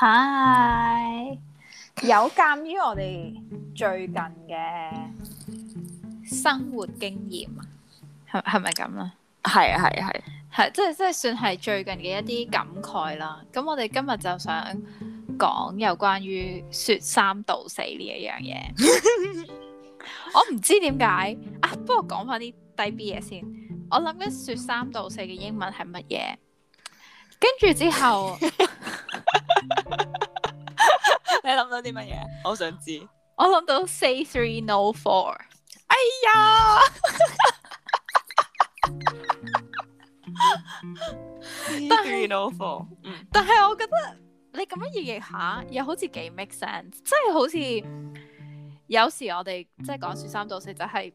嗨有鑒於我哋最近嘅生活經驗，係係咪咁咧？係啊係啊係，係即係即係算係最近嘅一啲感慨啦。咁我哋今日就想講有關於說三道四呢一樣嘢。 我唔知點解啊，不過講翻啲低 B 嘢先。我諗緊說三道四嘅英文係乜嘢？跟住之後。 你諗到啲乜嘢？我想知。我諗到 say three no four。哎呀！但係但係，我覺得你咁樣演繹下，又好似幾 make sense。即係好似有時我哋即係講說三道四，就是，就係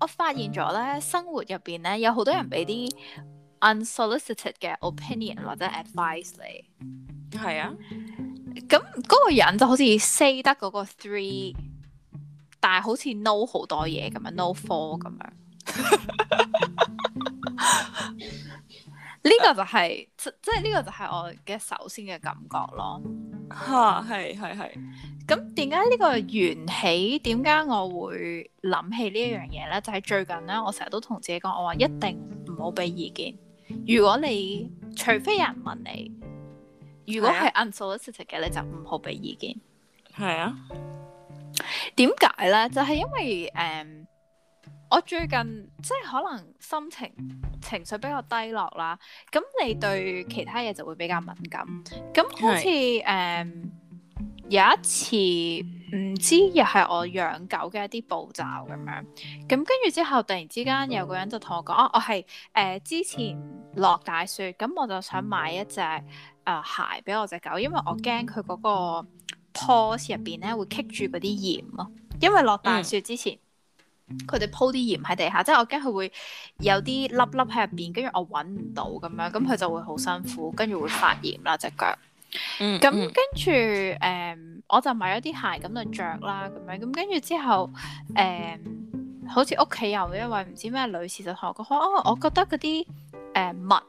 我發現咗咧，生活入邊咧有好多人俾啲 unsolicited 嘅 opinion 或者 advice 你，係啊。咁嗰個人就好似 say 得嗰個 three，但係好似 know 好多嘢咁樣，know four 咁樣。呢個就係、是、即係呢、呢個就係我嘅首先嘅感覺咯。嚇係係係。咁點解呢個緣起？點解我會諗起呢一樣嘢咧？就係、是、最近咧，我成日都同自己講，我話一定唔好俾意見。如果你除非有人問你。如果係 unsolicited 嘅，你就唔好俾意見。係啊，點解咧？就係、是、因為誒、嗯，我最近即係可能心情情緒比較低落啦。咁你對其他嘢就會比較敏感。咁好似誒是、嗯、有一次唔知又係我養狗嘅一啲步驟咁樣。咁跟住之後，突然之間有個人就同我講，哦、嗯，我係誒之前落大雪，咁我就想買一隻，誒、呃、鞋俾我隻狗，因為我驚佢嗰個坡入邊咧會棘住嗰啲鹽咯，因為落大雪之前佢哋、嗯、鋪啲鹽喺地下，即係我驚佢會有啲粒粒喺入邊，跟住我揾唔到咁樣，咁佢就會好辛苦，跟住會發炎啦隻腳。嗯，咁跟住誒，我就買咗啲鞋咁嚟着啦，咁樣咁跟住之後誒、嗯，好似屋企有一位唔知咩女士就同我講，哦，我覺得嗰啲誒襪。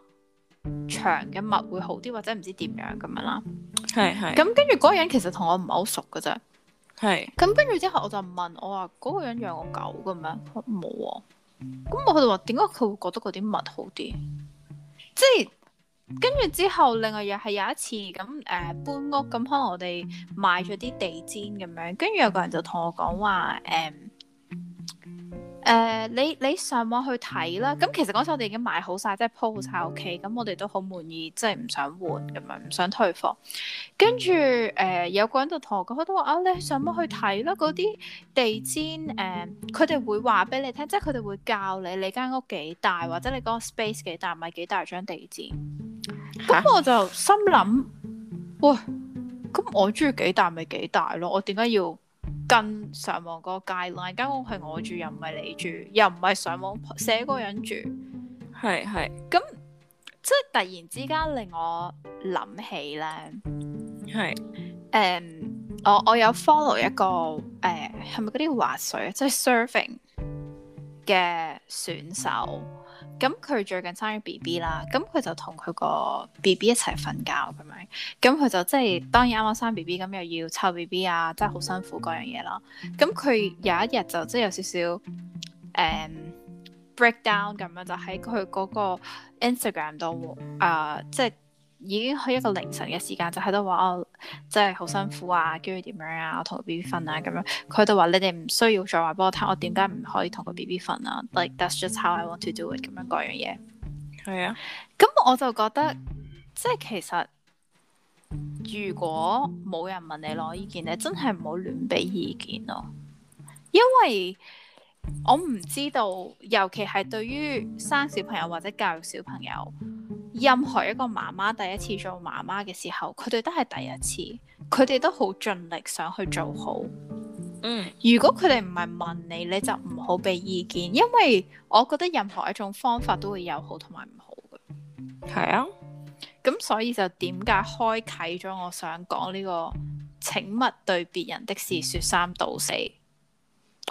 長嘅物會好啲，或者唔知點樣咁樣啦。係係咁，跟住嗰個人其實同我唔係好熟嘅啫。係咁跟住之後我就問我話嗰個人養過狗嘅咩？冇啊。咁我佢就話點解佢會覺得嗰啲物好啲？即係跟住之後，另外又係有一次咁誒、呃、搬屋咁，可能我哋買咗啲地氈咁樣，跟住有個人就同我講話誒。嗯誒，uh, 你你上網去睇啦。咁其實嗰時我哋已經買好晒，即係鋪好晒屋企，咁我哋都好滿意，即係唔想換，咁樣唔想退貨。跟住誒，有個人度同我講，佢都話啊，你上網去睇啦。嗰啲地氈，誒、呃，佢哋會話俾你聽，即係佢哋會教你你間屋幾大，或者你嗰個 space 幾大，咪幾大張地氈。咁、啊、我就心諗，喂，咁我中意幾大咪幾大咯，我點解要？近上網個界 line 間屋係我住，又唔係你住，又唔係上網寫個人住。係係咁，即係突然之間令我諗起咧。係，誒、 um,，我我有 follow 一個誒，係咪嗰啲滑水即係、就是、surfing 嘅選手？咁佢最近生咗 B B 啦，咁佢就同佢個 B B 一齊瞓覺咁樣，咁佢就即係當然啱啱生 B B，咁又要湊 B B 啊，真係好辛苦嗰樣嘢咯。咁佢有一日就即係有少少、嗯、break down 咁樣，就喺佢嗰個 Instagram 度啊、呃，即係。已經去一個凌晨嘅時間，就喺度話我即係好辛苦啊，跟住點樣啊，我同個 B B 瞓啊咁樣。佢就話你哋唔需要再話俾我聽，我點解唔可以同個 B B 瞓啊？Like that's just how I want to do it 咁樣嗰樣嘢。係啊，咁我就覺得即係其實如果冇人問你攞意見咧，真係唔好亂俾意見咯，因為。我唔知道，尤其係對於生小朋友或者教育小朋友，任何一個媽媽第一次做媽媽嘅時候，佢哋都係第一次，佢哋都好盡力想去做好。嗯，如果佢哋唔係問你，你就唔好俾意見，因為我覺得任何一種方法都會有好同埋唔好嘅。係啊，咁所以就點解開啟咗我想講呢個，請勿對別人的事說三道四。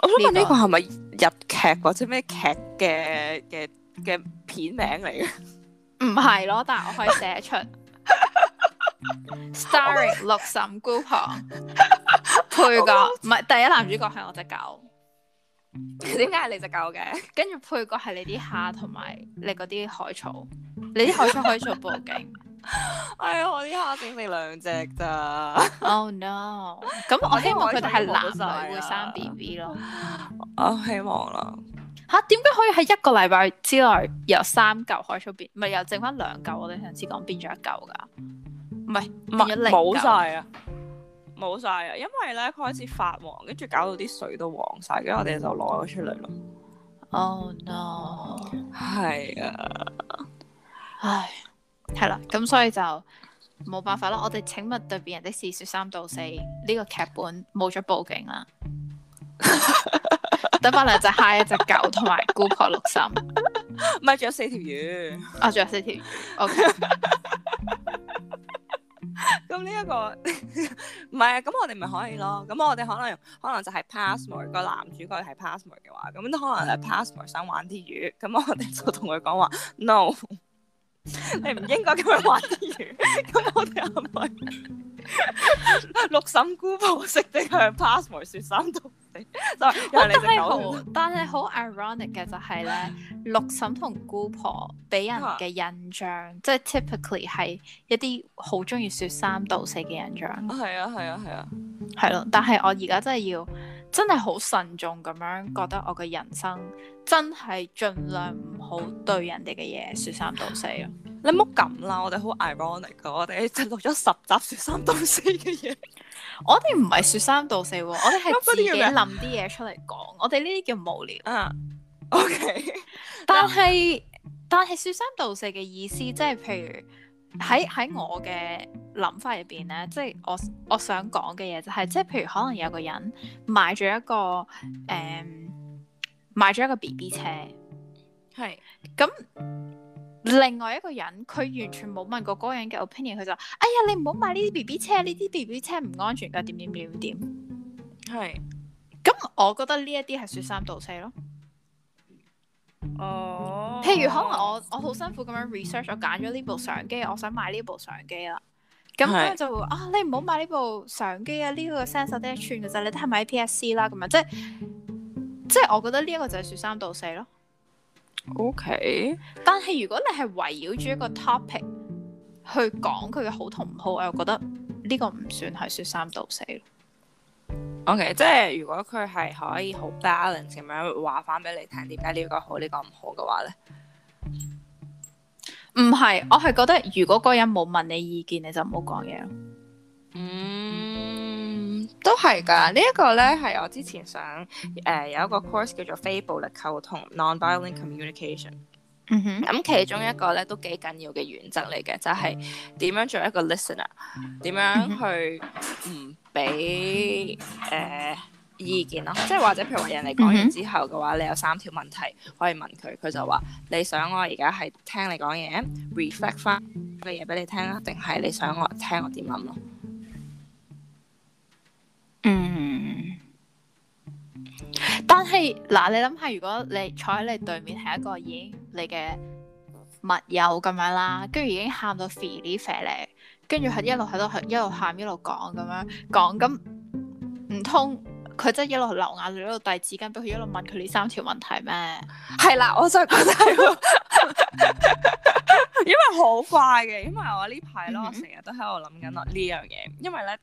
我想問呢個係咪？日劇或者咩劇嘅嘅嘅片名嚟嘅，唔係咯，但係我可以寫出 Starring 六嬸姑婆配角。唔係，第一男主角係我隻狗，點解係你隻狗嘅？跟住 配角係你啲蝦同埋你嗰啲海草， 你啲海草可以做報警。 哎呀，我啲蝦整你兩隻咋？Oh no！咁 我希望佢哋係男女會生 B B 咯。哦、啊，希望啦。吓、啊，點解可以喺一個禮拜之內由三嚿開始變，唔係由剩翻兩嚿，我哋上次講變咗一嚿噶？唔係是，冇晒啊，冇晒啊，因為咧開始發黃，跟住搞到啲水都黃晒，跟住我哋就攞咗出嚟咯。Oh no！係啊是的， 唉。係啦，咁所以就冇辦法啦。我哋請勿對別人的事說三道四。呢個劇本冇咗布景啦，得翻兩隻蝦、隻 一隻狗同埋 Google 六三，唔係仲有四條魚 啊，仲有四條魚。OK，咁呢一個唔係啊，咁 我哋咪可以咯。咁我哋可能可能就係 Passmore 個男主角係 Passmore 嘅話，咁都可能 Passmore 想玩啲魚，咁我哋就同佢講話 no。 你唔應該咁樣玩字語，咁 我哋係咪六嬸姑婆識得向 Passmore 說三道四？ 哦、但係好 ironic 嘅就係、是、咧，六嬸同姑婆俾人嘅印象，即係、啊、typically 係一啲好中意說三道四嘅印象。係啊係啊係啊，係咯、啊啊啊 啊，但係我而家真係要。真係好慎重咁樣，覺得我嘅人生真係盡量唔好對人哋嘅嘢説三道四咯。 你唔好咁啦，我哋好 ironic，哦、我哋就錄咗十集説三道四嘅嘢。 我哋唔係説三道四，我哋係自己諗啲嘢出嚟講。 我哋呢啲叫無聊。嗯。O K。但係但係説三道四嘅意思，即係譬如。喺喺我嘅諗法入邊咧，即係我我想講嘅嘢就係、是，即係譬如可能有個人買咗一個誒、嗯、買咗一個 BB 車，係咁是另外一個人佢完全冇問過嗰個人嘅 opinion，佢就哎呀，你唔好買呢啲 BB 車，呢啲 BB 車唔安全㗎，點點點點點，係咁是我覺得呢一啲係說三道四咯。呃譬如可能我我好辛苦咁樣 research，我揀咗呢部相機，我想買呢部相機啦。咁咧就會是啊，你唔好買呢部相機啊，呢個 sensor 得一寸嘅就你都係買 P.S.C 啦。咁樣即係即係，我覺得呢一個就係說三道四咯。O.K. 但係如果你係圍繞住一個 topic 去講佢嘅好同唔好，我又覺得呢個唔算係說三道四咯。O、okay, K，即係如果佢係可以好 balance 咁樣話翻俾你聽，點解呢個好，個好呢個唔好嘅話咧？唔係，我係覺得如果個人冇問你意見，你就唔好講嘢咯。嗯，都係噶。呢、這、一個咧係我之前想誒、呃、有一個 course 叫做非暴力溝通 （Nonviolent Communication）。咁、mm hmm. 嗯、其中一個咧都幾緊要嘅原則嚟嘅，就係、是、點樣做一個 listener，點樣去嗯。Mm hmm. 嗯俾誒、呃、意見咯，即係或者譬如話人哋講完之後嘅話，mm hmm. 你有三條問題可以問佢，佢就話你想我而家係聽你講嘢，reflect 翻個嘢俾你聽啦，定係你想我聽我點諗咯？嗯、mm，hmm. 但係嗱，你諗下，如果你坐喺你對面係一個已經你嘅密友咁樣啦，跟住已經喊到肥啲肥咧。跟住係一路喺度，係一路喊，一路講咁樣講。咁唔通佢真係一路流眼淚，一路遞紙巾俾佢，一路問佢呢三條問題咩？係啦，我就覺得係，因為好快嘅。因為我呢排咧，成日、嗯嗯、都喺度諗緊我呢樣嘢。因為咧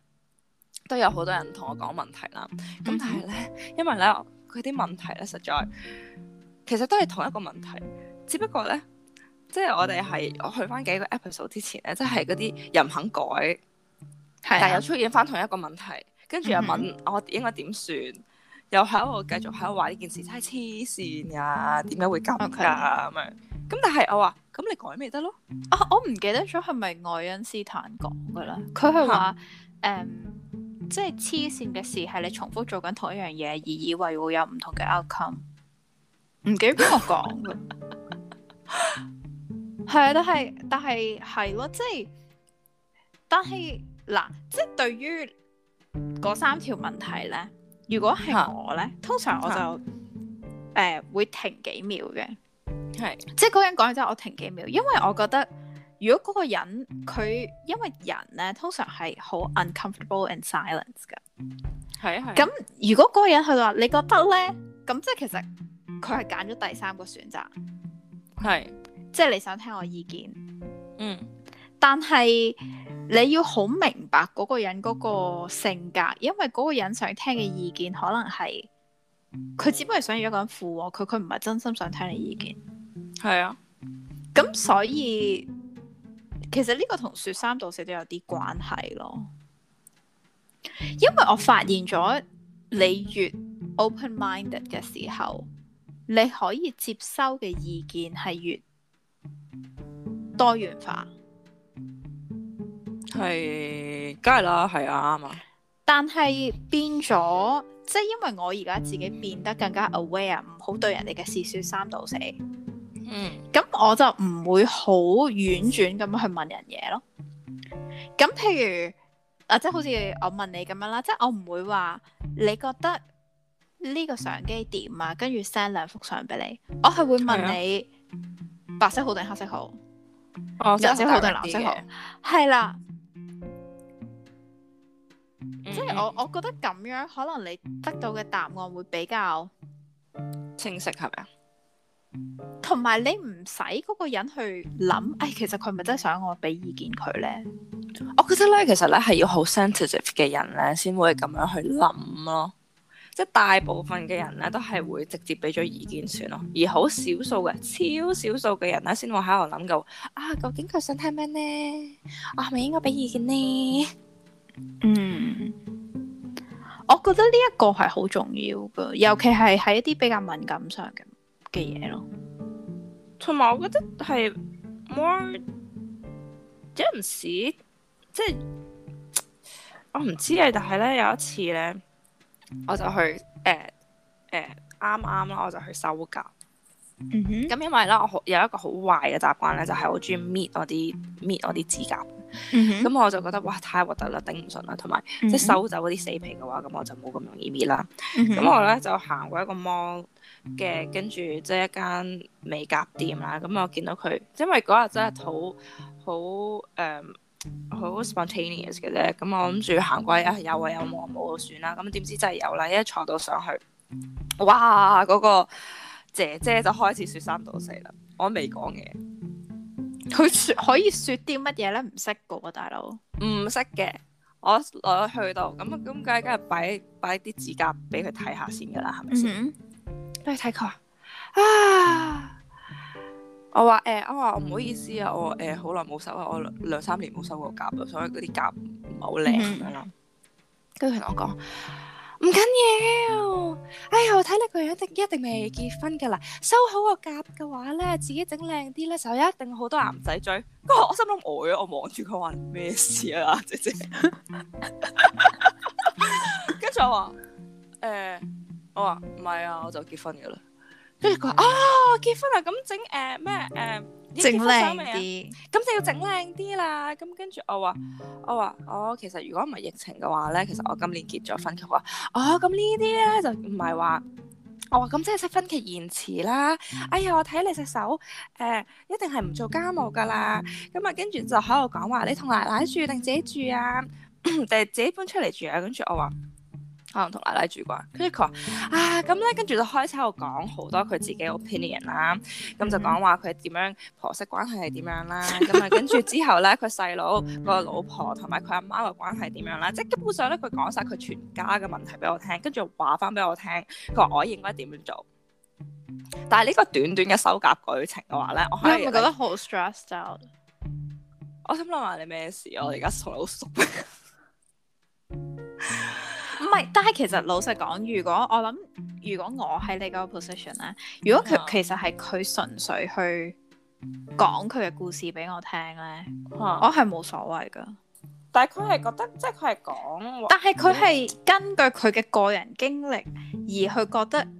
都有好多人同我講問題啦。咁但係咧，嗯、因為咧佢啲問題咧實在，其實都係同一個問題，只不過咧。即係我哋係我去翻幾個 episode 之前咧，即係嗰啲又唔肯改，的但又出現翻同一個問題，跟住又問我應該點算，嗯、哼又喺度繼續喺度話呢件事、嗯、哼真係黐線呀，點解會咁㗎咁樣、啊？咁 Okay. 但係我話咁你改咪得咯？啊，我唔記得咗係咪愛因斯坦講噶啦？佢係話誒，即係黐線嘅事係你重複做緊同一樣嘢而以為會有唔同嘅 outcome，唔記得邊個講嘅。 係、 嗯，但係但係係咯，即係，但係嗱，即係對於嗰三條問題咧，如果係我咧，通常我就誒、嗯嗯呃、會停幾秒嘅，係是，即係嗰個人講完之後，我停幾秒，因為我覺得如果嗰個人佢因為人咧，通常係好 uncomfortable and silence 噶，係啊係，咁如果嗰個人佢話你覺得咧，咁即係其實佢係揀咗第三個選擇，係。即係你想聽我意見，嗯，但係你要好明白嗰個人嗰個性格，因為嗰個人想聽嘅意見可能係佢只不過係想要一個人附和佢，佢唔係真心想聽你意見。係啊，嗯，咁所以其實呢個同說三道四都有啲關係咯。因為我發現咗你越 open minded 嘅時候，你可以接收嘅意見係越。多元化係，梗係啦，係啱 啊！但係變咗，即係因為我而家自己變得更加 aware，唔好對人哋嘅事說三道四。嗯，咁我就唔會好婉轉咁去問人嘢咯。咁譬如，啊，即係好似我問你咁樣啦，即係我唔會話你覺得呢個相機點啊，跟住 send 兩幅相俾你。我係會問你，啊，白色好定黑色好？哦，紅、oh, 少好多男色好，係啦、嗯，即係、哎、我我覺得咁樣可能你得到嘅答案會比較清晰，係咪啊？同埋你唔使嗰個人去諗，誒，其實佢咪真係想我俾意見佢咧？我覺得咧，其實咧係要好 sensitive 嘅人咧，先會咁樣去諗咯。一大部分嘅人咧，都係會直接俾咗意見算咯，而好少數嘅、超少數嘅人咧，先會喺度諗到啊，究竟佢想聽咩咧？啊，我係咪應該俾意見呢？」嗯，我覺得呢一個係好重要噶，尤其係喺一啲比較敏感上嘅嘅嘢咯。同埋我覺得係 more，有陣時即係我唔知啊，但係咧有一次咧。我就去誒誒啱啱啦，欸欸、剛剛我就去修甲。咁、mm hmm. 因為咧，我有一個好壞嘅習慣咧，就係、是、我中意搣我啲搣我啲指甲。咁、mm hmm. 我就覺得哇，太核突啦，頂唔順啦，同埋、mm hmm. 即係收走嗰啲死皮嘅話，咁我就冇咁容易搣啦。咁、mm hmm. 我咧就行過一個 mall 嘅，跟住即係一間美甲店啦。咁我見到佢，因為嗰日真係好好誒。好 spontaneous 嘅啫，咁我諗住行過啊，有位、啊、有冇、啊、冇、啊啊、就算啦，咁點知真係有啦，一坐到上去，哇，嗰、嗰個姐姐就開始說三道四啦，我未講嘢，佢說可以說啲乜嘢咧？唔識噶喎，大佬，唔識嘅，我落咗去到咁、嗯、啊，梗梗係擺擺啲指甲俾佢睇下先噶啦？係咪先？你睇佢啊！我話誒、欸，我話唔好意思啊，我誒好耐冇修啦，我兩三年冇修過甲啊，所以嗰啲甲唔係好靚咁樣啦。跟住佢同我講唔緊要，哎呀，我睇你個樣一定一定，定未結婚噶啦，修好個甲嘅話咧，自己整靚啲咧，就一定好多男仔追。我我心諗呆咗，我望住佢話咩事啊，姐姐。跟 住 我話誒、呃，我話唔係啊，我就結婚噶啦。跟住佢話：啊、哦，結婚啊，咁整誒咩誒？整靚啲，咁、呃、就要整靚啲啦。咁跟住我話，我話，哦，其實如果唔係疫情嘅話咧，其實我今年結咗婚。佢話：哦，咁呢啲咧就唔係話，我話咁即係啲婚期延遲啦。哎呀，我睇你隻手，誒、呃，一定係唔做家務噶啦。咁啊，跟住就喺度講話，你同奶奶住定自己住啊？定 自己搬出嚟住啊？跟住我話。可能同奶奶住啩，跟住佢話啊咁咧，跟住就開始有講好多佢自己 opinion 啦。咁就講話佢點樣婆媳關係係點樣啦。咁啊跟住之後咧，佢細佬個老婆同埋佢阿媽嘅關係點樣啦。即係基本上咧，佢講晒佢全家嘅問題俾我聽，跟住話翻俾我聽。佢話我應該點樣做。但係呢個短短嘅手攬舉情嘅話咧，我係你係咪覺得好 stressed out？我心諗話你咩事我而家同你好熟。 唔係，但係其實老實講，如果我諗，如果我喺你個 position 咧，如果佢其實係佢純粹去講佢嘅故事俾我聽咧，嗯、我係冇所謂㗎。但係佢係覺得，嗯、即係佢係講喎，但係佢係根據佢嘅個人經歷而去覺得。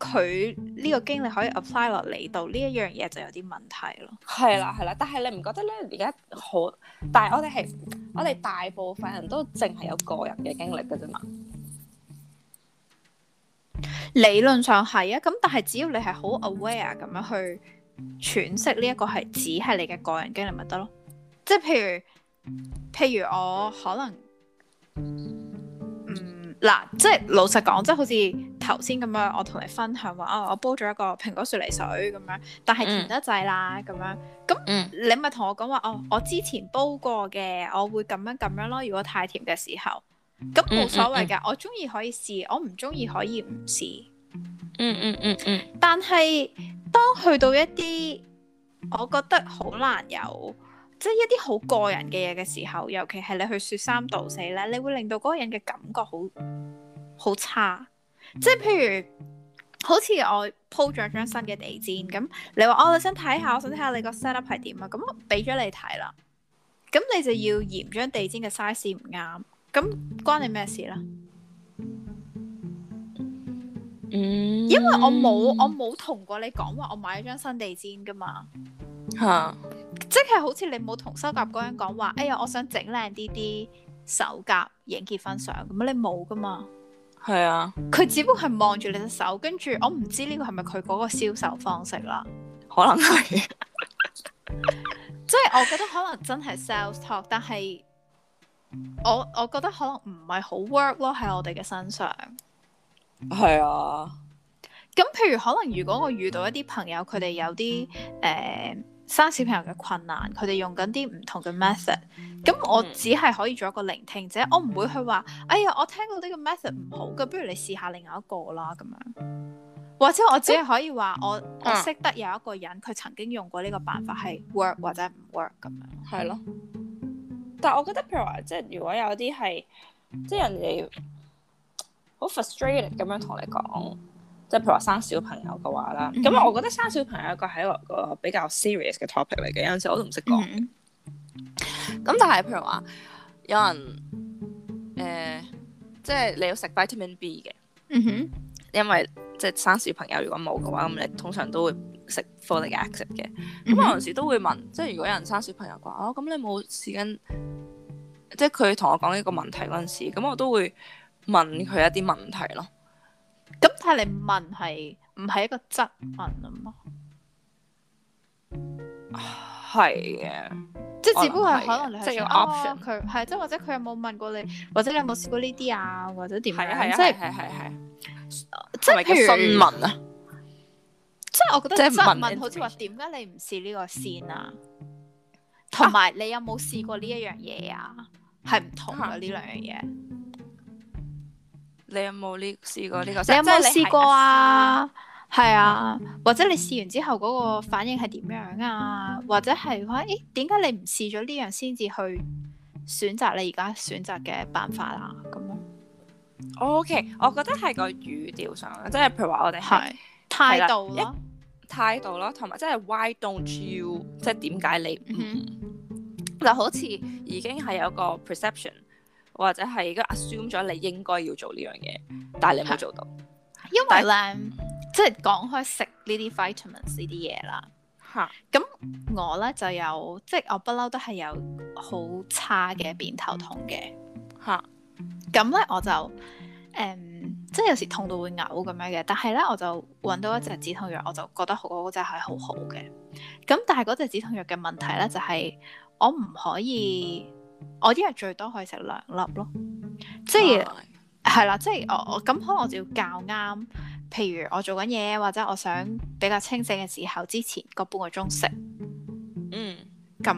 佢呢個經歷可以 apply 落嚟到呢一樣嘢就有啲問題咯。係啦，係啦，但係你唔覺得呢？而家好，但係我哋係我哋大部分人都淨係有個人嘅經歷嘅啫嘛。理論上係啊，咁但係只要你係好 aware 咁樣去詮釋呢一個係只係你嘅個人經歷咪得咯。即係譬如譬如我可能。嗱，即係老實講，即係好似頭先咁樣，我同你分享話，哦，我煲咗一個蘋果雪梨水咁樣，但係甜得滯啦咁樣。咁、嗯、你咪同我講話，哦，我之前煲過嘅，我會咁樣咁樣咯。如果太甜嘅時候，咁冇所謂嘅，嗯嗯嗯、我鍾意可以試，我唔鍾意可以唔試。嗯嗯嗯嗯。嗯嗯嗯、但係當去到一啲，我覺得好難有。即係一啲好個人嘅嘢嘅時候，尤其係你去說三道四咧，你會令到嗰個人嘅感覺好好差。即係譬如，好似我鋪咗張新嘅地氈，咁你話哦，我想睇下，我想睇下你個 set up 係點啊？咁我俾咗你睇啦，咁你就要嫌張地氈嘅 size 唔啱，咁關你咩事啦？嗯，因為我冇我冇同過你講話，我買咗張新地氈噶嘛嚇。啊即係好似你冇同修甲嗰人講話，哎呀，我想整靚啲啲手甲影結婚相咁啊！你冇噶嘛？係啊，佢只不過係望住你隻手，跟住我唔知呢個係咪佢嗰個銷售方式啦？可能係，即係 我覺得可能真係 sales talk，但係我我覺得可能唔係好 work 咯，喺我哋嘅身上。係啊，咁譬如可能如果我遇到一啲朋友，佢哋有啲誒。嗯呃生小朋友嘅困難，佢哋用緊啲唔同嘅 method，咁我只係可以做一個聆聽者，嗯、我唔會去話，哎呀，我聽到呢個 method 唔好，咁不如你試下另外一個啦，咁樣，或者我只係可以話，嗯、我我識得有一個人佢曾經用過呢個辦法係 work 或者唔 work 咁樣，係咯。但係我覺得譬如話，即係如果有啲係，即係人哋好 frustrated 咁樣同你講。即係譬如話生小朋友嘅話啦，咁、嗯、哼我覺得生小朋友一個係一個比較 serious 嘅 topic 嚟嘅，有陣時我都唔識講。咁、嗯、哼但係譬如話有人誒、呃，即係你要食 vitamin B 嘅，嗯、哼因為即係生小朋友如果冇嘅話，咁你通常都會食 folic acid 嘅。咁、嗯、哼有陣時都會問，即係如果有人生小朋友嘅話，咁、哦、你冇時間，即係佢同我講一個問題嗰陣時，咁我都會問佢一啲問題咯。咁睇嚟問係唔係一個質問啊？嘛係嘅，即係只不過係的可能你係 option 佢係，即係、啊、或者佢有冇問過你，或者你有冇試過呢啲啊，或者點啊？係啊係啊係係係， 即係譬如問啊，即係我覺得即質問好似話點解你唔試呢個線啊？同埋、啊、你有冇試過呢一樣嘢啊？係唔同嘅呢、嗯、兩樣嘢。你有冇呢、呢個、試過呢、呢個？你有冇試過啊？係啊，或者你試完之後嗰個反應係點樣啊？或者係話誒點解你唔試咗呢樣先至去選擇你而家選擇嘅辦法啊？咁咯。OK，我覺得係個語調上，即係譬如話我哋係態度咯，態度咯，同埋即係 why don't you？即係點解你嗯，嗯？就好似已經係有個 perception。或者係而家 assume 咗你應該要做呢樣嘢，但係你冇做到，因為咧，但即係講開食呢啲 vitamins 呢啲嘢啦。嚇哈，咁我咧就有，即係我不嬲都係有好差嘅偏頭痛嘅。嚇哈，咁咧我就誒、嗯，即係有時痛到會嘔咁樣嘅，但係咧我就揾到一隻止痛藥，我就覺得好嗰隻係好好嘅。咁但係嗰隻止痛藥嘅問題咧，就係、是、我唔可以。嗯我一日最多可以食兩粒咯，即係係、哎、啦，即係我我咁可能我就要較啱，譬如我做緊嘢或者我想比較清醒嘅時候之前個半個鐘食，嗯，咁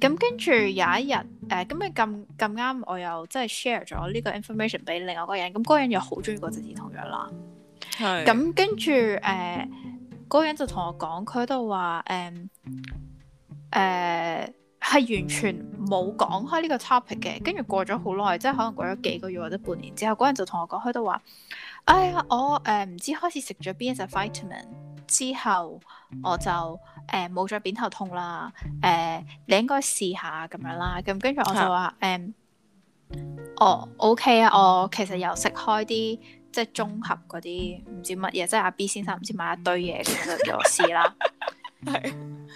咁跟住有一日誒咁佢咁咁啱我又即係 share 咗呢個 information 俾另外一個人，咁嗰個人又好中意嗰隻兒童藥啦，係是，咁跟住誒嗰個人就同我講佢都度話誒誒。呃呃係完全冇講開呢個 topic 嘅，跟住過咗好耐，即係可能過咗幾個月或者半年之後，嗰人就同我講開都話：哎呀，我誒唔、呃、知開始食咗邊一隻 vitamin 之後，我就誒冇咗扁頭痛啦。誒、呃，你應該試下咁樣啦。咁跟住我就話誒的、嗯，哦，OK 啊，我其實又食開啲即係綜合嗰啲唔知乜嘢，即係阿 B 先生唔知買一堆嘢咁 就叫我試啦，係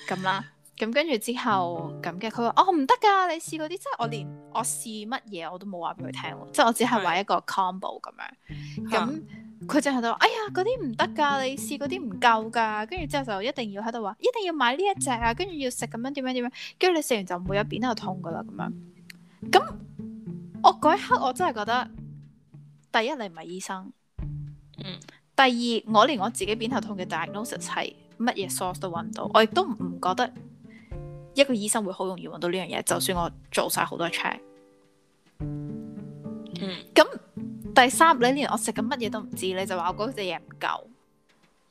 咁 的啦。咁跟住之後，咁嘅佢話：我唔得噶，你試嗰啲即係我連我試乜嘢我都冇話俾佢聽喎，即係我只係話一個 combo 咁樣。咁佢淨係都話：哎呀，嗰啲唔得噶，你試嗰啲唔夠噶。跟住之後就一定要喺度話，一定要買呢一隻啊，跟住要食咁樣點樣點樣。跟住你食完就唔會有扁頭痛噶啦咁樣。咁我嗰一刻我真係覺得，第一你唔係醫生，嗯。第二我連我自己扁頭痛嘅 diagnosis 係乜嘢 source 都揾唔到，我亦都唔覺得，一個醫生會好容易揾到呢樣嘢，就算我做晒好多 check，咁、嗯、第三你連我食緊乜嘢都唔知，你就話我嗰隻嘢唔夠，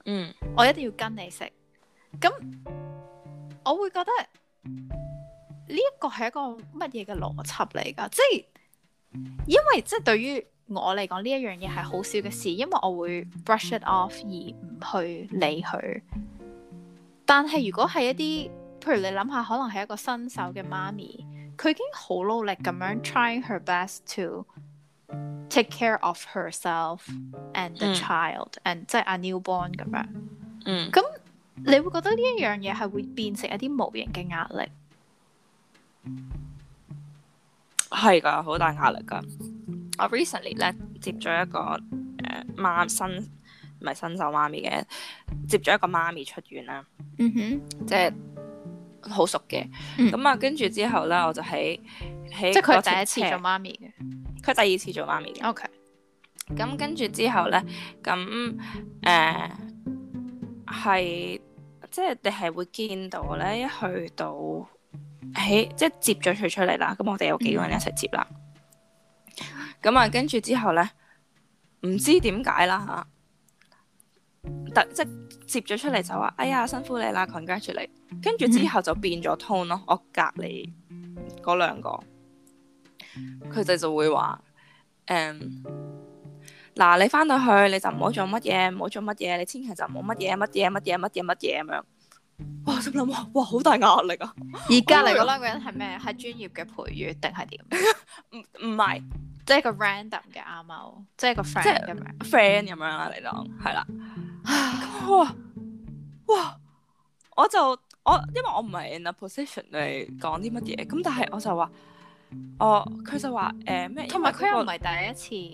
嗯、我一定要跟你食，咁我會覺得呢一個係一個乜嘢嘅邏輯嚟㗎？即係因為即係對於我嚟講呢一樣嘢係好少嘅事，因為我會 brush it off 而唔去理佢，但係如果係一啲。譬如你諗下，可能係一個新手嘅媽咪，佢已經好努力咁樣 trying her best to take care of herself and the child，and 即係 a newborn 咁樣。嗯，咁你會覺得呢一樣嘢係會變成一啲無形嘅壓力？係噶，好大壓力噶。我 recently 咧接咗一個誒媽新，唔係新手媽咪嘅，接咗一個媽咪出院啦。嗯哼，即係。好熟嘅，咁啊、嗯，跟住、嗯、之後咧，我就喺喺即係佢第一次做媽咪嘅，佢第二次做媽咪嘅。OK，咁跟住之後咧，咁誒係即係你係會見到咧，一去到喺即係接咗佢出嚟啦，咁我哋有幾個人一齊接啦。咁啊，跟住之後咧，唔知點解啦嚇。特即接咗出嚟就話，哎呀，辛苦你啦，congratulate，跟住、嗯、之後就變咗 tone 咯。我隔離嗰兩個，佢哋就會話誒，嗱你翻到去你就唔好做乜嘢，唔好做乜嘢，你千祈就冇乜嘢，乜嘢乜嘢乜嘢乜嘢咁樣。哇，心諗哇，好大壓力啊！而家嚟嗰兩個人係咩？係專業嘅陪月定係點？唔唔係，即係個 random 嘅阿茂，即係個 friend 咁樣，friend 咁樣啦，你當係啦。啊唉！哇，我就我因為我唔係 in a position 嚟講啲乜嘢，咁但係我就話，哦，佢就話誒咩？同埋佢又唔係第一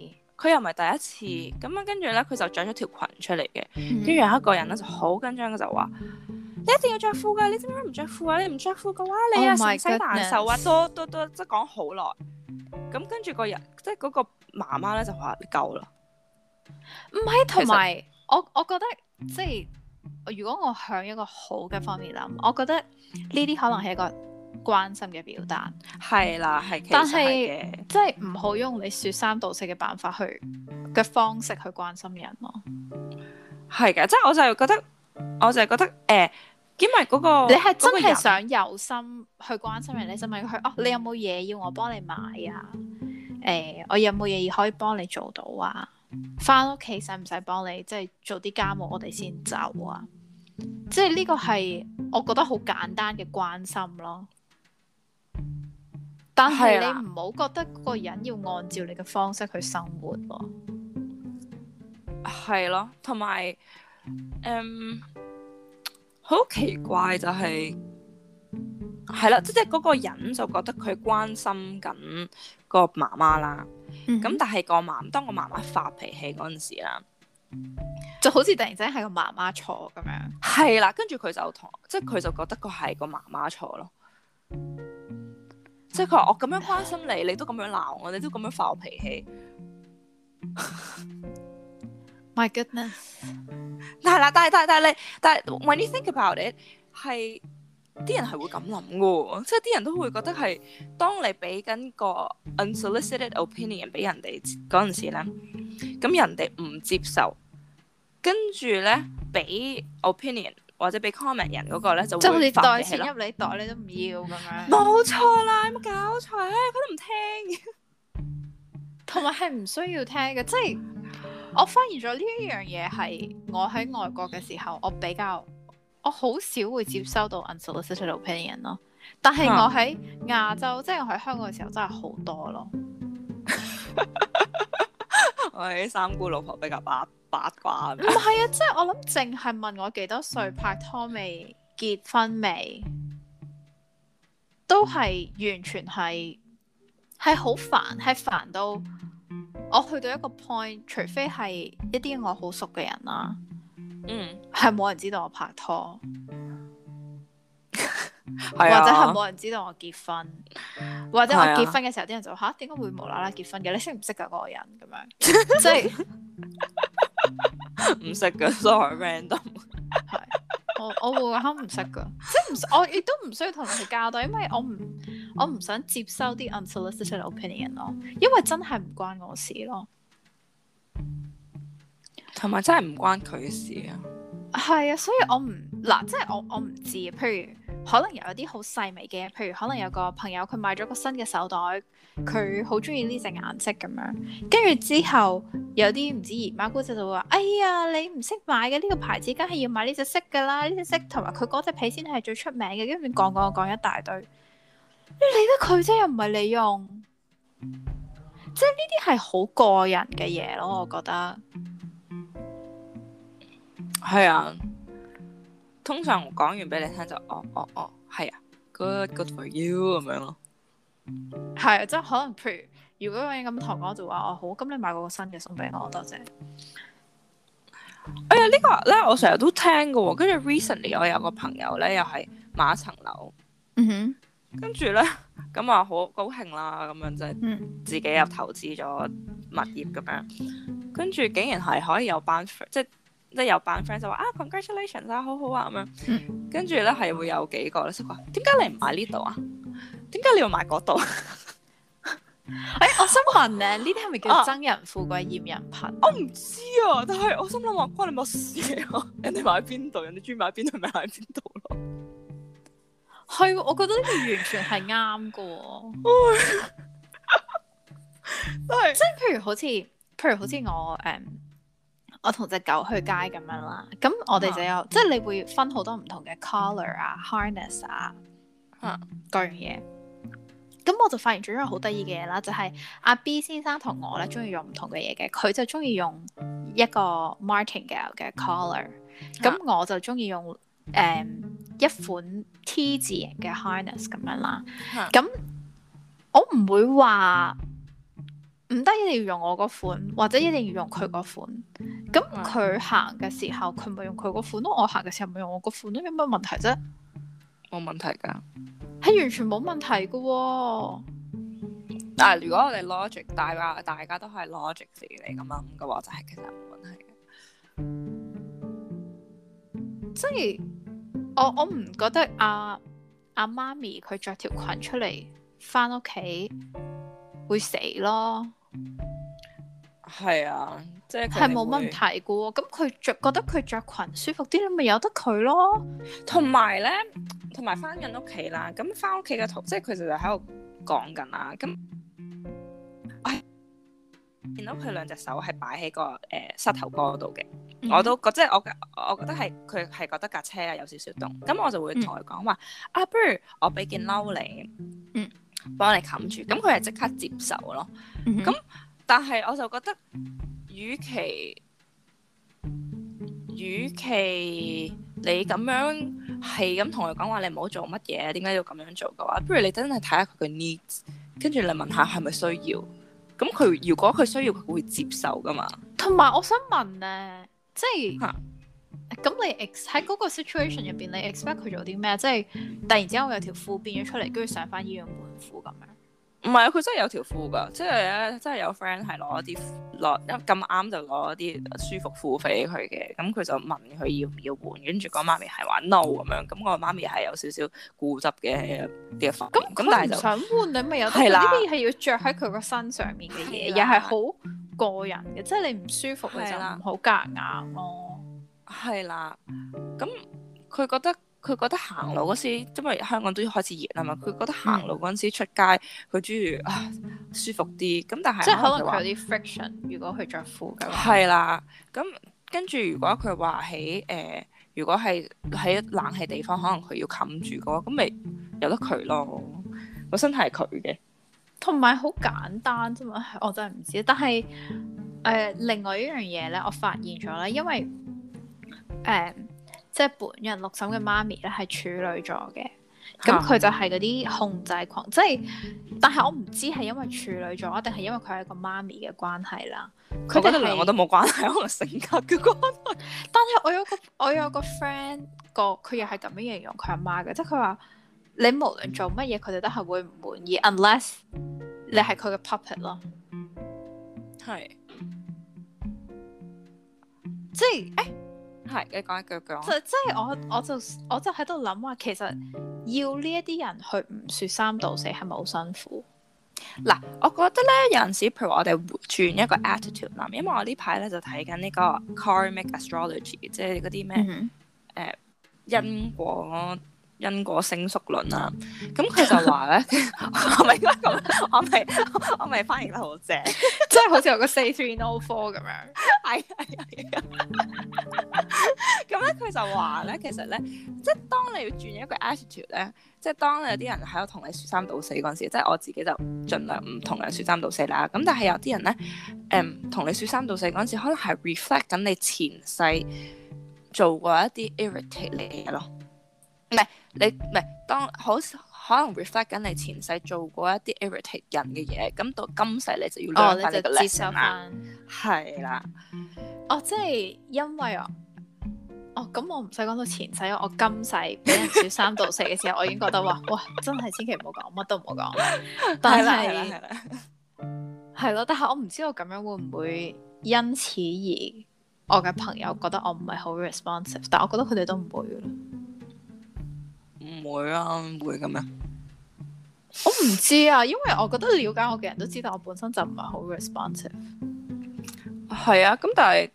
次，佢又唔係第一次，咁啊跟住咧佢就着咗條裙出嚟嘅，跟住、嗯嗯、有一個人咧就好緊張嘅就話，你一定要着褲噶，你點解唔着褲啊？你唔着褲嘅話，你啊使唔使難受啊？多多多，多即係講好耐，咁跟住個人即係嗰個媽媽咧就話你夠啦，唔係同埋。我我覺得即係，如果我向一個好嘅方面諗，我覺得呢啲可能係一個關心嘅表達，係啦，係，但係，即係唔好用你説三道四嘅辦法去嘅方式去關心人咯。係嘅，即係我就係覺得，我就係覺得，誒，因為嗰個你係真係想有心去關心人，你想問佢哦，你有冇嘢要我幫你買啊？誒，我有冇嘢可以幫你做到啊？翻屋企使唔使幫你即係做啲家務？我哋先走啊！即係呢個係我覺得好簡單嘅關心咯。但係你唔好覺得嗰個人要按照你嘅方式去生活。係咯，同埋，嗯，好奇怪就係係啦，即係嗰個人就覺得佢關心緊個媽媽啦。咁、嗯、但係個媽，當我媽媽發脾氣嗰陣時啦，就好似突然間係個媽媽錯咁樣。係啦， 跟住佢就同，即係佢就覺得佢係個媽媽錯咯。即係佢話我咁樣關心你，你都咁樣鬧我，你都咁樣發脾氣。 My goodness！ 但係但但但你但 When you think about it，係。啲人係會咁諗嘅，即係啲人都會覺得係當你俾緊個 unsolicited opinion 俾人哋嗰陣時咧，咁人哋唔接受，跟住咧俾 opinion 或者俾 comment 人嗰個咧就會嬲你。即係你袋錢入你袋，你都唔要咁樣。冇錯啦，有冇搞錯？佢、啊、都唔聽，同埋係唔需要聽嘅。即係我發現咗呢一樣嘢係我喺外國嘅時候，我比較。我好少會接收到 unsolicited opinion 咯，但係我喺亞洲，嗯、即係我喺香港嘅時候，真係好多咯。 我啲三姑六婆比較八八卦是是。唔係啊，即、就、係、是、我諗，淨係問我幾多歲，拍拖未，結婚未，都係完全係係好煩，係煩到我去到一個 point，除非係一啲我好熟嘅人啦、啊。嗯，係冇、mm. 人知道我拍拖， 或者係冇人知道我結婚， 或者我結婚嘅時候，啲人就吓，點解會無啦啦結婚嘅？你認認識唔識噶嗰個人咁樣？即係唔識嘅，so random。係， 我我會話唔識噶，即係唔，我亦都唔需要同佢交代，因為我唔，我唔想接收啲 unsolicited opinion 咯，因為真係唔關我事咯。同埋真係唔關佢事啊！係 啊，所以我唔嗱，即係我我唔知。譬如可能有啲好細微嘅，譬如可能有個朋友佢買咗個新嘅手袋，佢好中意呢隻顏色咁樣。跟住之後有啲唔知姨媽姑姐就會話：哎呀，你唔識買嘅呢個牌子，梗係要買呢隻色㗎啦，呢隻色同埋佢嗰隻皮先係最出名嘅。跟住講講講一大堆，你理得佢啫，又唔係你用，即係呢啲係好個人嘅嘢咯，我覺得。係啊，通常講完俾你聽就哦哦哦，係、哦哦、啊，good for you 咁樣咯。係啊，即係可能譬如，如果有人咁同我講就話哦好，咁你買個新嘅送俾我，多謝。哎呀，這個，呢個咧我成日都聽嘅，跟住 recently 我有個朋友咧又係買一層樓，嗯哼、mm，跟住咧咁啊好高興啦，咁樣就自己又投資咗物業咁樣，跟住竟然係可以有班即係。即係有班 friend 就話啊，congratulations 啊，好好啊咁樣，跟住咧係會有幾個咧識話，點解你唔買呢度啊？點解你要買嗰度？哎、 欸，我心問咧，呢啲係咪叫憎人富貴厭人貧，啊？我唔知啊，但係我心諗話，關你乜事啊？人哋買邊度，人哋專買邊度，咪買邊度咯？係，我覺得呢啲完全係啱嘅喎。都係 是，即係譬如好似，譬如好似我誒。Um, 我同隻狗去街咁樣啦，咁我哋就有，啊、即係你會分好多唔同嘅 collar 啊 harness 啊，啊 啊 各樣嘢。咁我就發現最中好得意嘅嘢啦，就係、是、阿 B 先生我呢同我咧中意用唔同嘅嘢嘅，佢就中意用一個 martingale 嘅 collar 咁、啊、我就中意用誒、呃、一款 T 字型嘅 harness 咁樣啦，咁、啊、我唔會話。唔得，一定要用我個款，或者一定要用佢個款。咁佢行嘅時候，佢咪、嗯、用佢個款咯；我行嘅時候，咪用我個款咯。有乜問題啫？冇問題噶，係完全冇問題噶、哦。但係，如果我哋 logic 大話，大家都係 logic 嚟咁樣嘅話，就係、是、其實冇問題嘅。即係我我唔覺得阿阿媽咪佢着條裙出嚟翻屋企。會死咯，係啊，即係係冇乜問題㗎喎。咁佢着覺得佢着裙舒服啲咧，咪由得佢咯。同埋咧，同埋返緊屋企啦。咁返屋企嘅圖，即係佢就就喺度講緊啦。咁唉、見到佢兩隻手係擺喺個誒、呃、膝頭哥度嘅，嗯、我都覺即係我我覺得係佢係覺得架車啊有少少凍。咁、嗯、我就會同佢講話啊，不如我俾件褸你，嗯。嗯幫你冚住，咁佢係即刻接受咯。咁、mm hmm. 但係我就覺得，與其與其你咁樣係咁同佢講話，你唔好做乜嘢，點解要咁樣做嘅話，不如你真係睇下佢嘅 needs，跟住你問下係咪需要。咁佢如果佢需要，佢會接受噶嘛。同埋我想問咧，即係。吓。咁你 expect 喺嗰個 situation 入邊，你 expect 佢做啲咩？即係突然之間會有條褲變咗出嚟，跟住上翻醫院換褲咁樣？唔係啊，佢真係有條褲㗎，即係咧，真係有 friend 係攞一啲攞咁啱就攞一啲舒服褲俾佢嘅，咁佢就問佢要唔要換，跟住個媽咪係話 No，咁樣，咁我媽咪係有少少固執嘅啲一方面，咁佢唔想換你咪有啲嘢係要着喺佢個身上面嘅嘢，又係好個人嘅，即係你唔舒服你就唔好夾硬咯。係啦，咁佢覺得佢覺得行路嗰時，因為香港都要開始熱啦嘛，佢覺得行路嗰陣時、嗯、出街，佢鍾意啊舒服啲。咁但係即係可能佢有啲 friction，如果佢着褲嘅。係啦，咁跟住如果佢話起，誒、呃，如果係喺冷氣地方，可能佢要冚住嘅話，咁咪由得佢咯。個身體係佢嘅。同埋好簡單啫嘛，我真係唔知。但係誒、呃，另外一樣嘢咧，我發現咗啦，因為。誒，um, 即係本人六嬸嘅媽咪咧，係處女座嘅，咁佢就係嗰啲控制狂， 即係，但係我唔知係因為處女座定係因為佢係一個媽咪嘅關係啦。佢哋兩個都冇關係，可能性格嘅關係。 但係我有個我有個 friend 個，佢又係咁樣形容佢阿媽嘅，即係佢話你無論做乜嘢，佢哋都係會唔滿意 ，unless 你係佢嘅 puppet 咯。係是。即係，誒、欸。係，你講一句講。即 係我我就我就喺度諗話，其實要呢一啲人去唔説三道四，係咪好辛苦？嗱，我覺得咧有陣時，譬如我哋轉一個 attitude 嗱，因為我呢排咧就睇緊呢個 karmic astrology，即係嗰啲咩誒因果。因果升縮論啦，咁、嗯、佢就話咧， 我未嗰 個，我咪我咪翻譯得好正，即係好似有個 say three no four 咁樣，係係係。咁咧佢就話咧，其實咧，即係當你要轉一個 attitude 咧，即係當有啲人喺度同你說三道四嗰陣時，即係我自己就盡量唔同人說、嗯、三道四啦。咁但係有啲人咧，誒同你說三道四嗰陣時，可能係 reflect 緊你前世做過一啲 irritate 嚟嘅嘢咯。唔係你唔係，當好可能 reflect 緊你前世做過一啲 irritate 人嘅嘢，咁到今世你就要你、哦、你就接受你嘅力係啦，哦，即係因為啊，哦咁我唔使講到前世，我今世俾人說三道四嘅時候， 我已經覺得話哇，真係千祈唔好講，乜都唔好講。但係係咯，但係我唔知道咁樣會唔會因此而我嘅朋友覺得我唔係好 responsive，但我覺得佢哋都唔會唔會啊，唔會咁樣。我唔知啊，因為我覺得了解我嘅人都知道，我本身就唔係好 responsive。係啊，咁但係，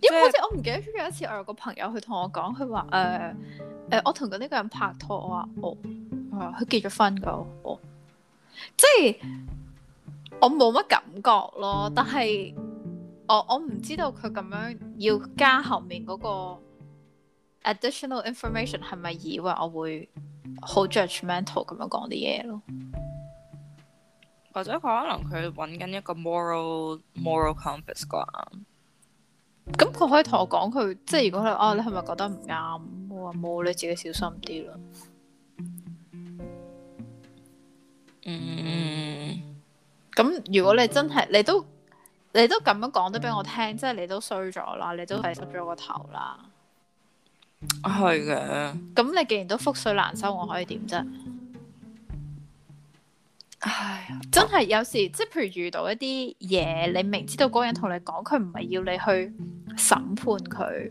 因為好似即我唔記得有一次我有個朋友佢同我講，佢話誒誒，我同緊呢個人拍拖，我話哦，佢、嗯、結咗婚㗎、哦，我即係我冇乜感覺咯。但係我我唔知道佢咁樣要加後面嗰、嗰個。Additional information 係咪以為我會好 judgmental 咁樣講啲嘢咯？或者佢可能佢揾緊一個 moral moral compass 啩？咁佢可以同我講，佢即係如果你哦，你係咪覺得唔啱？哇，冇，你自己小心啲啦。嗯。咁、嗯嗯、如果你真係你都你都咁樣講得俾我聽，即係你都衰咗啦，你都係濕咗個頭啦。係嘅，咁你既然都覆水難收，我可以點啫？唉，真係有時即係，譬如遇到一啲嘢，你明知道嗰個人同你講，佢唔係要你去審判佢，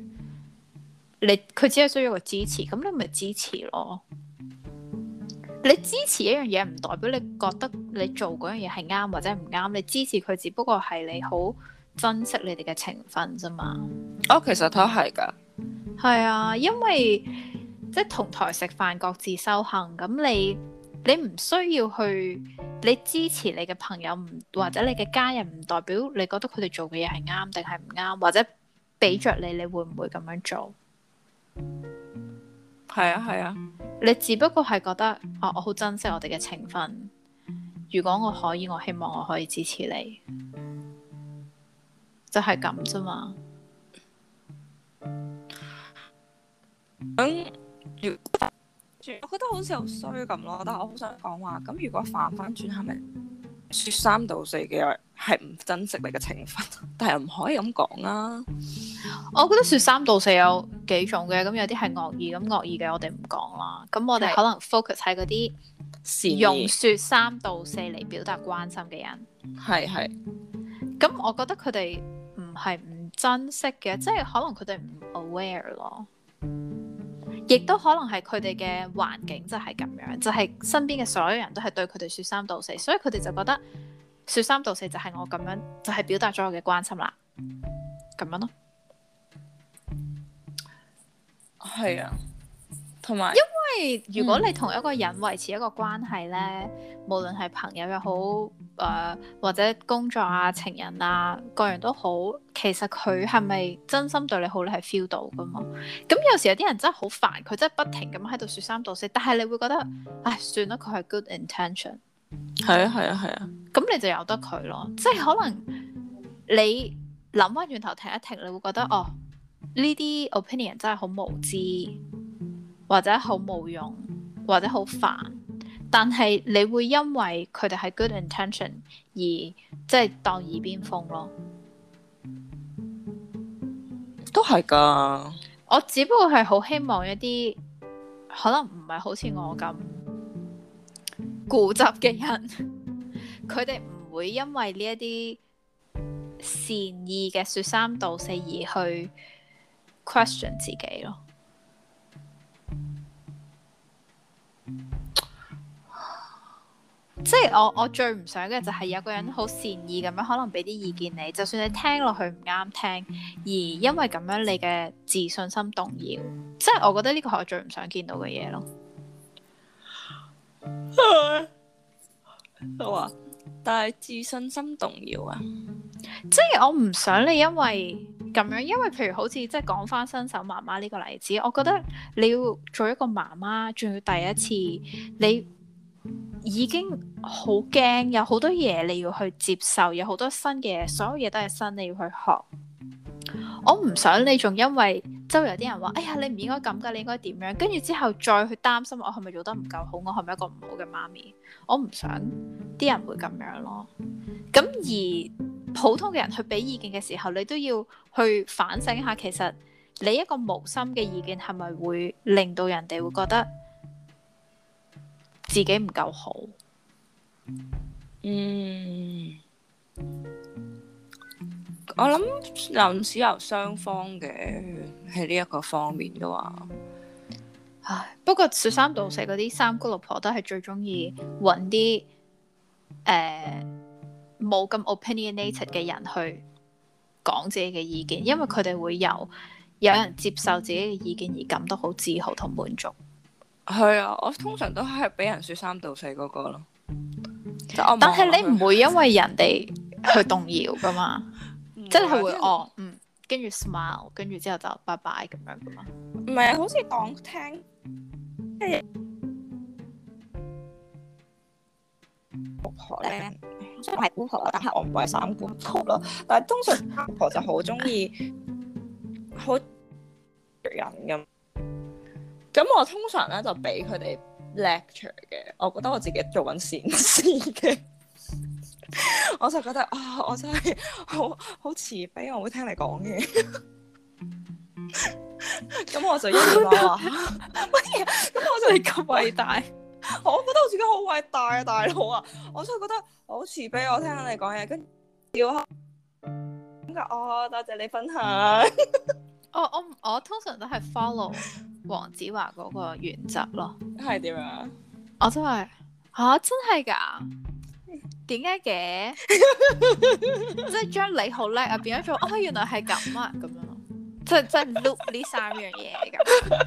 你佢只係需要個支持，咁你咪支持咯。你支持一樣嘢，唔代表你覺得你做嗰樣嘢係啱或者唔啱，你支持佢只不過係你好珍惜你哋嘅情分啫嘛。哦，其實都係噶。係啊，因為即係同台食飯，各自修行，咁你你唔需要去你支持你嘅朋友唔，或者你嘅家人，唔代表你覺得佢哋做嘅嘢係啱定係唔啱，或者俾着你，你會唔會咁樣做？係啊係啊，啊，你只不過係覺得啊、哦，我好珍惜我哋嘅情分，如果我可以，我希望我可以支持你，就係咁啫嘛。想要、嗯，我覺得好似好衰咁咯。但係我好想講話，咁如果反翻轉，係咪說三道四嘅人係唔珍惜你嘅情分？但係唔可以咁講啊。我覺得說三道四有幾種嘅，咁有啲係惡意，咁惡意嘅我哋唔講啦。咁我哋可能 focus 喺嗰啲用說三道四嚟表達關心嘅人。係係。咁我覺得佢哋唔係唔珍惜嘅，即係可能佢哋唔 aware 咯。亦都可能係佢哋嘅環境就係咁樣，就係身邊嘅所有人都係對佢哋說三道四，所以佢哋就覺得說三道四就係我咁樣，就係表達咗我嘅關心啦，咁樣咯，係啊。同埋，因為如果你同一個人維持一個關係咧，嗯、無論係朋友又好，誒、呃、或者工作啊、情人啊、個樣都好，其實佢係咪真心對你好你係 feel 到噶嘛。咁有時有啲人真係好煩，佢真係不停咁喺度説三道四，但係你會覺得，唉，算啦，佢係 good intention。係啊，係啊，係啊。咁、啊、你就由得佢咯，即係可能你諗返轉頭停一停，你會覺得哦，呢啲 opinion 真係好無知。或者好冇用，或者好煩，但係你會因為佢哋係 good intention 而即係當耳邊風咯，都係噶。我只不過係好希望一啲可能唔係好似我咁固執嘅人，佢哋唔會因為呢一啲善意嘅說三道四而去 question 自己咯。即係我我最唔想嘅就係有個人好善意咁樣可能俾啲意見你，就算你聽落去唔啱聽，而因為咁樣你嘅自信心動搖，即係我覺得呢個係我最唔想見到嘅嘢咯。我話 但係自信心動搖啊！嗯、即係我唔想你因為咁樣，因為譬如好似即係講返新手媽媽呢個例子，我覺得你要做一個媽媽，仲要第一次你。已經好驚，有好多嘢你要去接受，有好多新嘅嘢，所有嘢都係新，你要去學。我唔想你仲因為周圍啲人話， 哎呀，你唔應該咁噶，你應該點樣？跟住之後再去擔心，我係咪做得唔夠好？我係咪一個唔好嘅媽咪？我唔想啲人會咁樣咯。咁而普通嘅人去俾意見嘅時候，你都要去反省下，其實你一個無心嘅意見係咪會令到人哋會覺得？自己唔夠好，嗯，我諗有時由雙方嘅喺呢一個方面嘅話，唉，不過說三道四嗰啲三姑六婆都係最中意揾啲誒冇咁、呃、opinionated 嘅人去講自己嘅意見，因為佢哋會由有人接受自己嘅意見而感到好自豪同滿足。係啊，我通常都係俾人說三道四嗰個咯。但係你唔會因為人哋去動搖噶嘛？即係會哦，嗯，跟住 smile，跟住之後就拜拜咁樣噶嘛？唔係好似講聽。姑婆咧，雖然係姑婆啦，但係我唔係三姑婆咯。但係通常姑婆就好中意好人咁。咁我通常咧就俾佢哋 lecture 嘅，我覺得我自己做緊善事嘅， 我就覺得啊、哦，我真係好好慈悲，我會聽你講嘢。 」咁我就要人乜嘢？咁 什麼 我就係咁偉大， 我覺得我自己好偉大啊，大佬啊！我真係覺得好慈悲，我聽緊你講嘢，跟住笑下，咁 就哦，多謝你分享。 哦、我我我通常都係 follow。 黃子華嗰個原則咯，係點啊？我真係吓，真係㗎？點解嘅？即係將你好叻啊變咗做哦，原來係咁啊咁樣咯，即係即係 loop 呢三樣嘢㗎。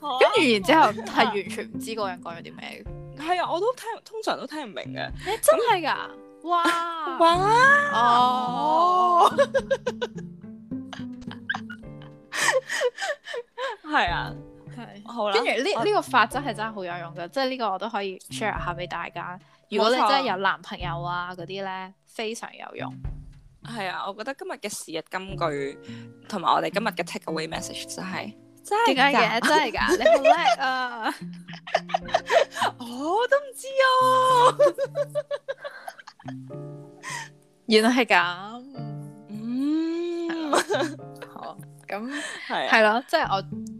跟住、 啊、然之後係、啊啊、完全唔知嗰人講咗啲咩嘅。係啊，我都聽，通常都聽唔明嘅。你、啊、真係㗎？那哇！哇！哦！ 係啊，係，好啦。跟住呢呢個法則係真係好有用噶，即係呢個我都可以 share 下俾大家。如果你真係有男朋友啊嗰啲咧，非常有用。係啊，我覺得今日嘅時日金句同埋我哋今日嘅 takeaway message 真係真係嘅，真係噶，你好叻啊！我都唔知啊，原來係咁，嗯，好，咁係係咯，即係我。